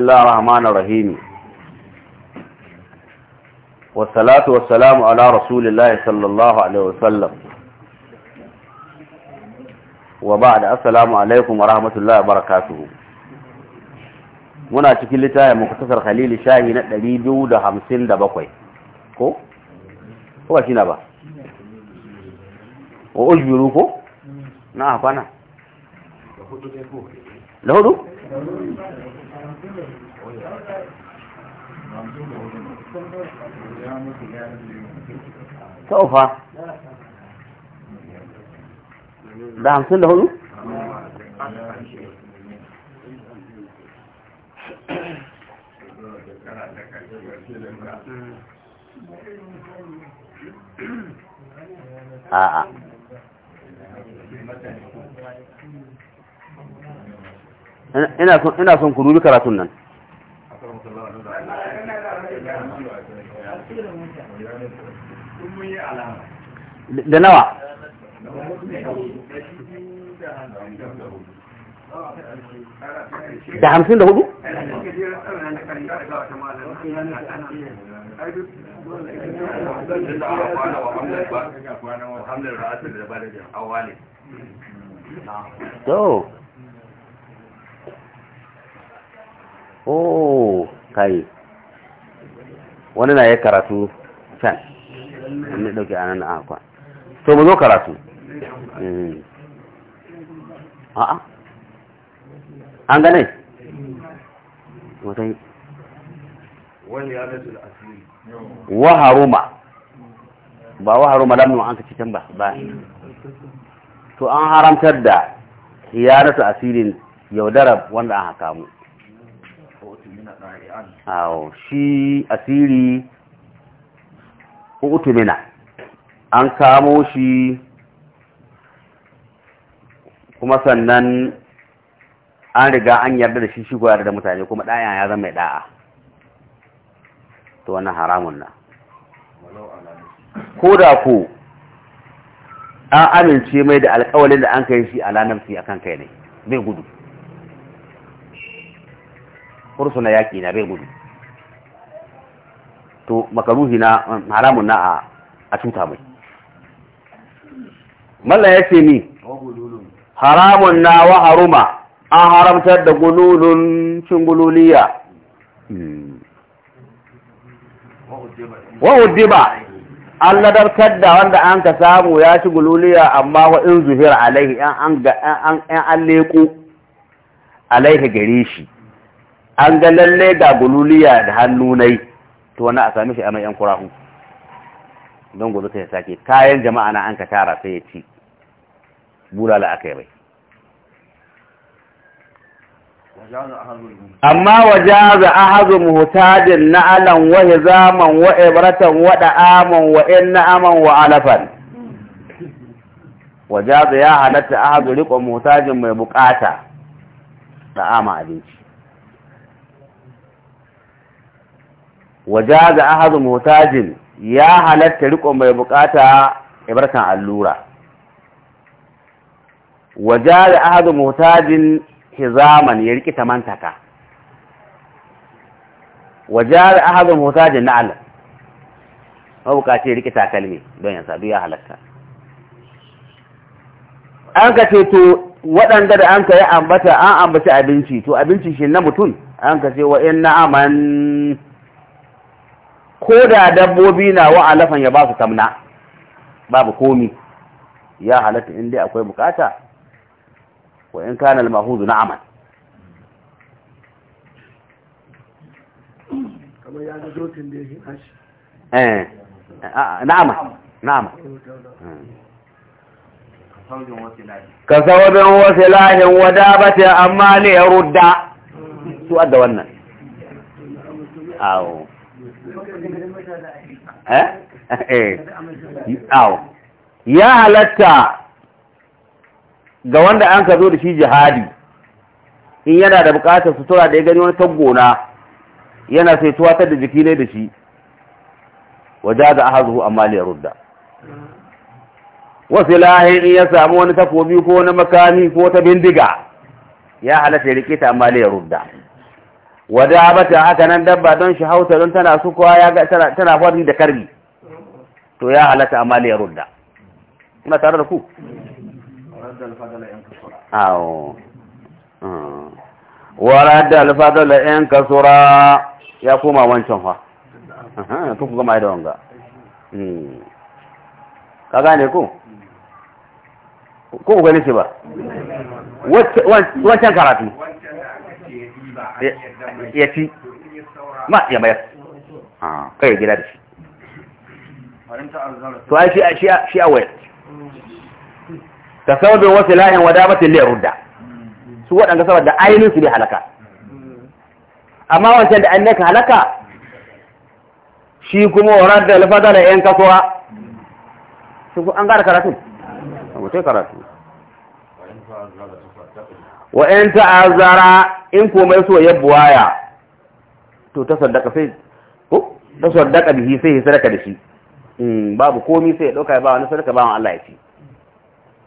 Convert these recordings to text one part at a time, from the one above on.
الله الرحمن الرحيم والصلاة والسلام على رسول الله صلى الله عليه وسلم وبعد السلام عليكم ورحمة الله وبركاته muna cikin littafin muktasar khalil shahi na 257 ko ko shi na ba wa ujbiru ko na afana da hudu taufa da hamsin da hudu? a'a ina son ku dubi karatun nan da nawa da hamsin da hudu? to oh kai wani na ya karatu can an ne dauke anan na akwa to mu zo karatu mm. a'a an gane wata waharuma ba waharuma lamun an ka cikin ba ba to an haramtar da hiyaratu asirin yaudara wanda an haka mu awo shi asiri utumina an kamo shi kuma sannan an riga an yarda da shi shi koyar da mutane kuma ɗaya ya zama mai ɗa'a to wannan haramun na ko da ku an amince mai da alƙawalin da an kai shi a lanarci a kan kai ne bai gudu na yaki na bai gudu to makaruhi na haramun na a cuta mai mallan ya ce ni haramun na wa haruma an haramtar da gululun cin gululiya wa ba an ladartar da wanda an ka samu ya ci gululiya amma wa in zuhira alaihi an an leku alaihi gare shi an ga lalle ga gululiya da hannu nai to wannan a sami shi a mai yan kurahu don gobe sai ya sake kayan jama'a na an ka tara sai ya ci bulala aka yi bai amma waje za a hazu muhtajin na'alan wa hizaman wa ibratan wa da'aman wa in na'aman wa alafan waje za ya halatta a hazu riƙon muhtajin mai bukata da'ama abinci ga ahadu motajin ya halatta riko mai bukata ibarkan allura ga ahadu motajin hizaman ya riki tamantaka ga ahadu motajin na'al mabukaci ya riki takalmi don ya sadu ya halatta an ka ce to waɗanda da an ka yi ambata an ambaci abinci to abinci shi na mutum an ka ce wa in na aman ko da dabbobi na wa alafan ya ba su tamna babu komi ya halatta in dai akwai bukata ko in kana al-mahuzu na'aman kamar ya ga dokin da yake hashi eh na'ama na'ama ka saurin wasu lahin wada ba ta amma ne ya rudda su adda wannan awo Eh? Eh. ya halatta ga wanda an ka zo da shi jihadi in yana da bukatar sutura da ya gani wani taggona yana sai tuwatar da jiki ne da shi waje da a hazuhu amma ya rudda wasu lahin in ya samu wani takobi ko wani makami ko ta bindiga ya halatta ya rike ta amma liya rudda wada bata haka nan dabba don shi hauta don tana kowa ya ga tana fari da karbi to ya halata amma ya rudda kuma tare da ku awo hmm. alfadar alfadala 'yan kasura ya koma wancan fa to ku gama da wanga hmm. ka gane ku ko ku gane ce ba wancan karatu ya fi ma ya mayar ah, kai gida da shi to ai shi shi a wayar tasawubin wasu wada wadabatin liyar rudda su waɗanda saboda ainihin su ne halaka amma wancan da annaka halaka shi kuma warar da alfada da ‘yan kasuwa su an gara karatu wa mutai karatu wa'yan ta'azara in komai so ya buwaya to ta sadaka sai ko ta sadaka bihi sai ya sadaka da shi hmm, babu komi sai ya dauka ba wani sadaka ba Allah ya ci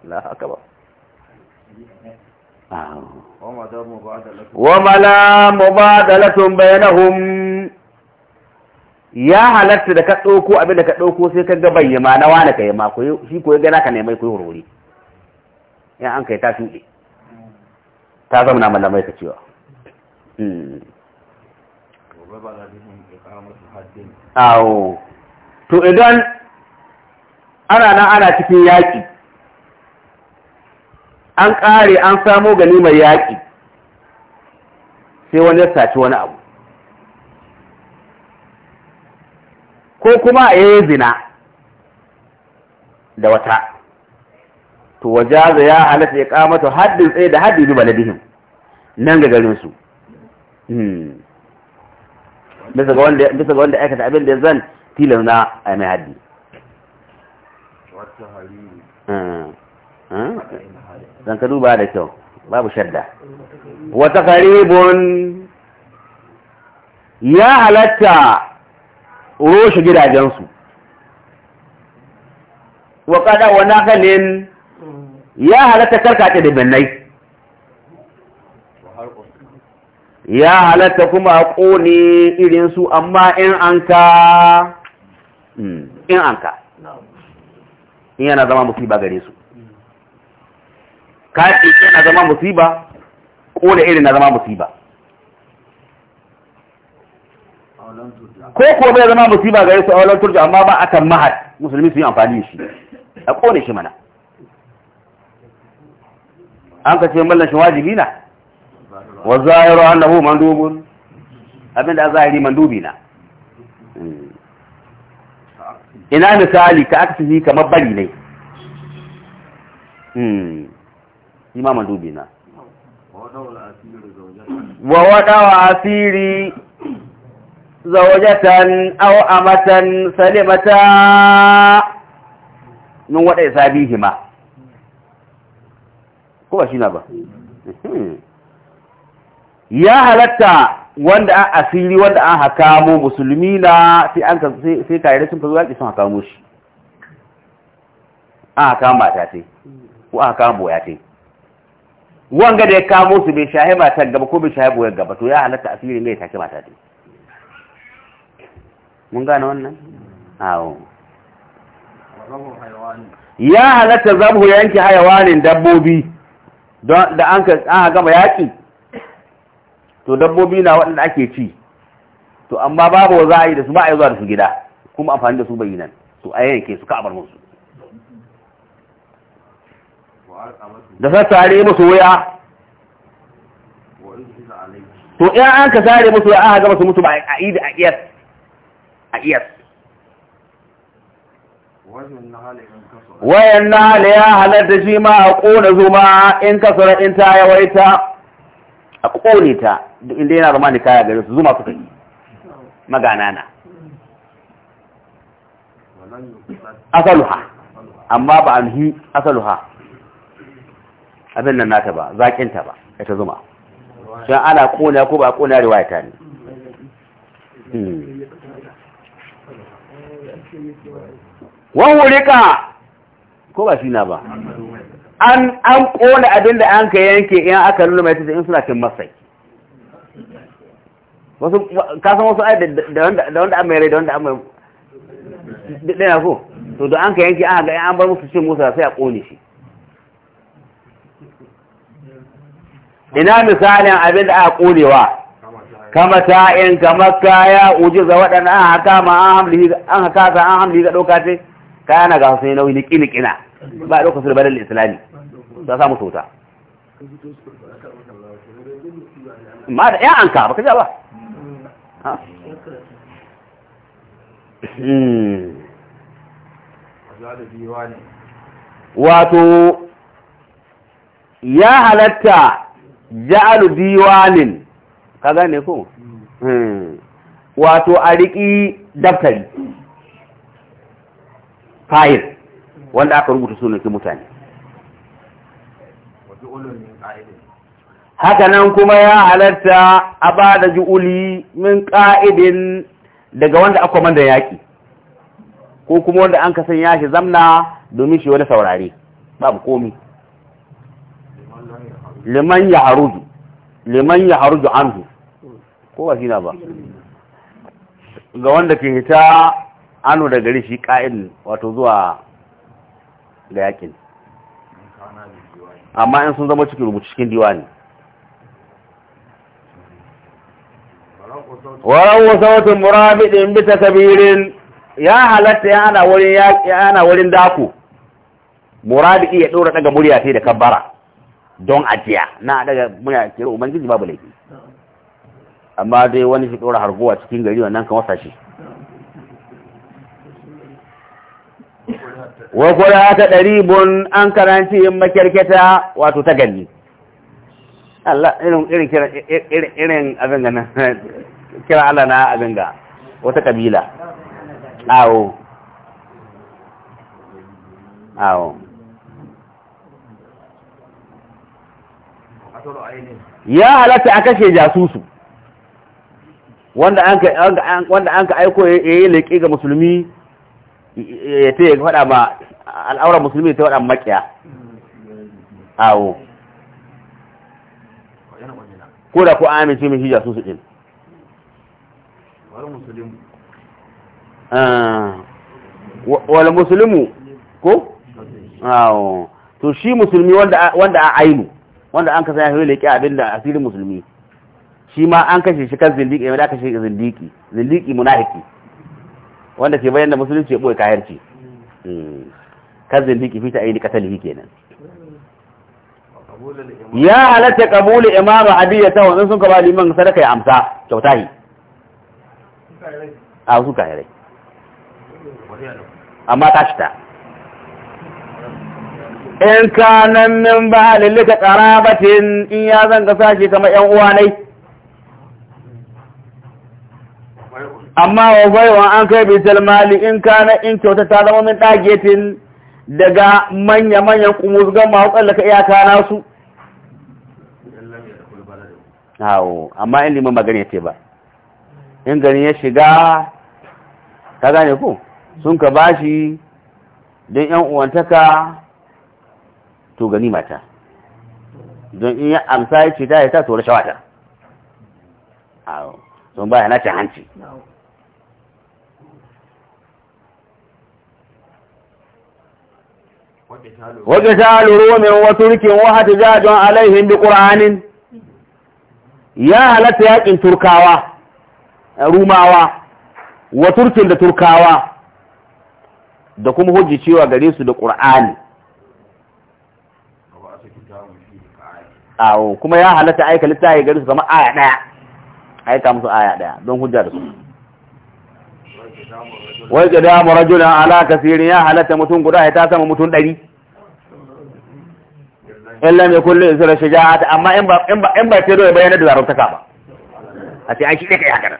la haka ba wa mala mubadalatun bainahum ya halatta da ka ɗauko abin da ka ɗauko sai ka gaban yi ma na wani kai ma ma shi ko ya gana ka nemai ko yi ya an kai ta shuɗe ta zama na malamai ka cewa awo to idan ana nan ana cikin yaƙi an ƙare an samo gani mai yaƙi sai wani ya saci wani abu ko kuma a yi zina da wata to wajaza ya halatta ya ƙamata haddin tsaye da haddi bi baladihim nan ga garinsu Hmm. bisa ga wanda ya aikata abin da zan tilan na a mai haddi zan hmm. hmm. ka duba da kyau babu shadda wata karibun ya halatta roshe gidajensu wa kada wa nakalin ya halatta karkace da binnai ya halatta kuma a ƙone irinsu amma in an ka hmm, in an ka in yana zama musiba gare su kaɗi yana zama musiba ƙone irin na zama musiba ko ko bai zama musiba gare su a walar turji amma ba a kan mahad musulmi su yi amfani shi a ƙone shi mana an ka ce mallan shi wajibi na wa zahiru annahu mandubun abinda zahiri mandubi na hmm. ina misali ka aka fi kamar bari ne hmm. shi ma mandubi na wa wadawa asiri zawajatan aw amatan salimata nun wada isabihima ko ba shi na ba hmm. ya halatta wanda an asiri wanda an mu musulmi na sai an sai kayar sun fazo yaki sun hakamo shi an hakama mata ce ko an hakama boya ce wanga da ya kamo su bai shahe matar gaba ko bai shahi boya gaba to ya halatta asiri ya take mata ce mun gane wannan awo ya halatta zabu yanki hayawanin dabbobi don da an ka gama yaki to dabbobi na waɗanda ake ci to amma babu za a yi da su ba a yi zuwa da su gida kuma amfani da su bai nan to a yanke su ka a bar musu da sassare musu wuya to in an ka sare musu wuya aka gama su mutu a idi a iyas a iyas wayan na ya halatta shi ma a ƙona zuma in kasara in ta yawaita a kone ta duk inda yana zama nikaya gare su zuma suka yi magana na asaluha amma ba an hi asaluha abin nan nata ba zakinta ba ita zuma shan ana kona ko ba ya riwaya ta ne hmm. ka ko ba shi na ba an an kona abin da an ka yanke in aka mai ta in suna cin masai wasu kasan wasu ai da wanda an mai da wanda an mai ɗaya ko to da an ka yanke an ga an bar musu cin musa sai a kone shi ina misalin abin da aka konewa kama ta'in ya kaya ujiza waɗanda an haka ma an hamli an haka ta an hamli ga ɗauka ce kaya na ga su nauyi niƙi niƙina ba a ɗauka su da badal islami za samu tuta ma da ya an ka baka ja ba hmm. wato ya halatta ja'alu diwanin ka gane ko hmm. wato a riƙi daftari fayil wanda aka rubuta sunan mutane haka nan kuma ya halatta a ba da ju'uli min ƙa'idin daga wanda aka manda yaƙi ko kuma wanda an kasan ya shi zamna domin shi wani saurare babu komi liman ya haruju liman ya haruju anhu ko ba shina ba ga wanda ke hita anu da gari shi ƙa'idin wato zuwa ga yaƙin amma in sun zama cikin rubutu cikin diwani waran wasautun murabidin bita kabirin ya halatta ya ana wurin ya ana wurin dako murabidi ya dora daga murya sai da kabbara don ajiya na daga muna kira ubangiji babu laifi amma dai wani shi dora harguwa cikin gari wannan kan wasa shi wa kula ta ɗaribun an karanci yin makyarketa wato ta gani Allah irin irin abin gana kira Allah na abin ga wata kabila awo awo ya halatta a kashe jasusu wanda an ka aiko ya yi leƙi ga musulmi ya ce ya faɗa ma al'auran musulmi ta faɗa makiya awo ko da ko amince mai shi jasu su ɗin wani musulmi ah, ko awo to shi musulmi wanda a ainu wanda an kasa ya hau leƙi abin da asirin musulmi shi ma an kashe shi kan zindiki ya da kashe zindiki zindiki munafiki wanda ke bayyana musulunci ya boye kayarci hmm. kazin ta fita ayi katalihi kenan ya halatta kabulu Imam adiyya ta wanzu sun kaba liman sadaka ya amsa kyauta yi. a su kayarai amma ta shi ta in kanan min ba halilika karabatin in ya zanga sashi kama yan uwa nai amma wa baiwa an kai bitar mali in kana in kyauta ta zama min ɗagetin daga manya-manyan kumuzgan masu tsallaka iyaka nasu hau amma in liman magana ce ba in gani ya shiga ta gane ku sun ka bashi don yan uwantaka to gani mata don in ya amsa ya ce ta ya ta to shawata. hau sun ba ya nace hanci Wage taluru min waturkin wahata jajon alaihim bi Qur'anin ya halatta yaƙin turkawa rumawa wa turkin da turkawa da kuma hujji cewa gare su da ƙura'ani. awo kuma ya halatta aika littafi gare su zama aya daya aika musu aya ɗaya don hujja da su wai ga damu rajulan ala kasirin ya halatta mutum guda ya ta sama mutum ɗari in lam yakun li isra shaja'at amma in ba in ba in ce dole bayyana da zaruntaka ba a ce ai shi kai haka nan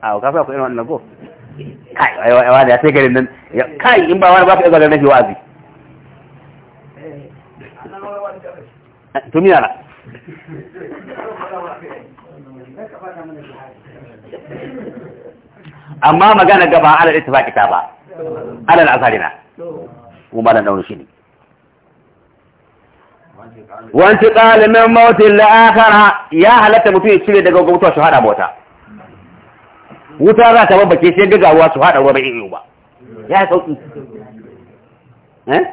a ka fa ku irin wannan go kai a ai wani ya sai garin nan kai in ba wani ba ka ga garin nafi wazi tumiya na amma magana gaba ita ittifaqi ta ba alal asarina kuma ba dan shi ne wanti qala min mawti la akhara ya halatta mutum ya cire daga su hada mota wuta za ta babbake sai gagawa su hada ruwa bai ba ya sauki eh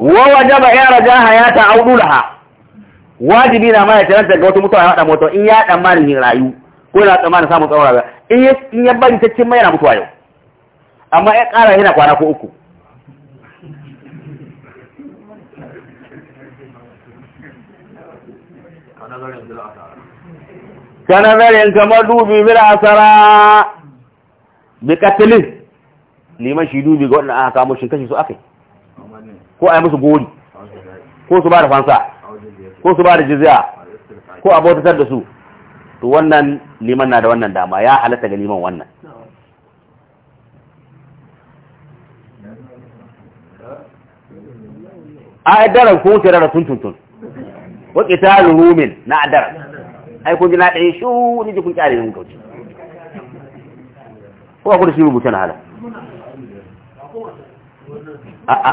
wa wajaba ya raja hayata audulaha wajibi na ma ya taranta ga wata mutuwa ya hada mota in ya dan mani rayu ko yana tsammanin samun tsawon rayuwa in ya bari ta cin mai yana mutuwa yau amma ya ƙara yana kwana ko uku kana zarin kamar dubi bila asara bi katilin liman shi dubi ga wannan aka kamo shi kashi su akai ko a yi musu gori ko su ba da fansa ko su ba da jizya ko a bautatar da su to wannan liman na da wannan dama ya halatta ga liman wannan a daren kun tare da tuntuntun waƙi ta rumin na daren ai kun ji na ɗaya shi ni ji kun kyale yin kauci ko a kudu shi rubuta na hala a'a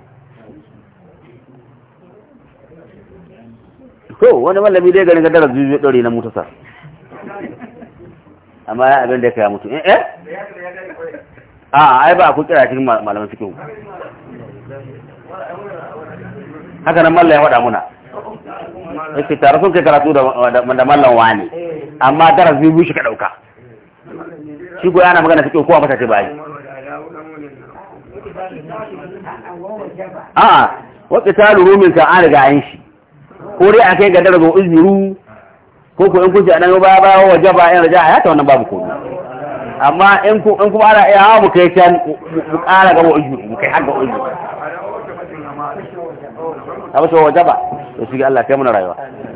to wani malami dai ganin gadara zuwa dore na mutasa amma ya abin da ya kaya mutu eh eh a ah, ai ba ku kira cikin malaman cikin haka nan mallan ya faɗa muna yake tare sun kai karatu da mallan wani amma daras biyu shi ka ɗauka shi ko yana magana fikihu kowa mata ce ba yi a'a ah, wa qitalu rumin ka an riga shi ko dai a kai ga darajo uzuru ko ko in kun ce anan ba ba waje ba in raja ya ta wannan babu ko amma in ku in kuma ana iya mu kai can mu ƙara ga uzuru mu kai har ga uzuru a wasu waje ba to shi Allah kai muna rayuwa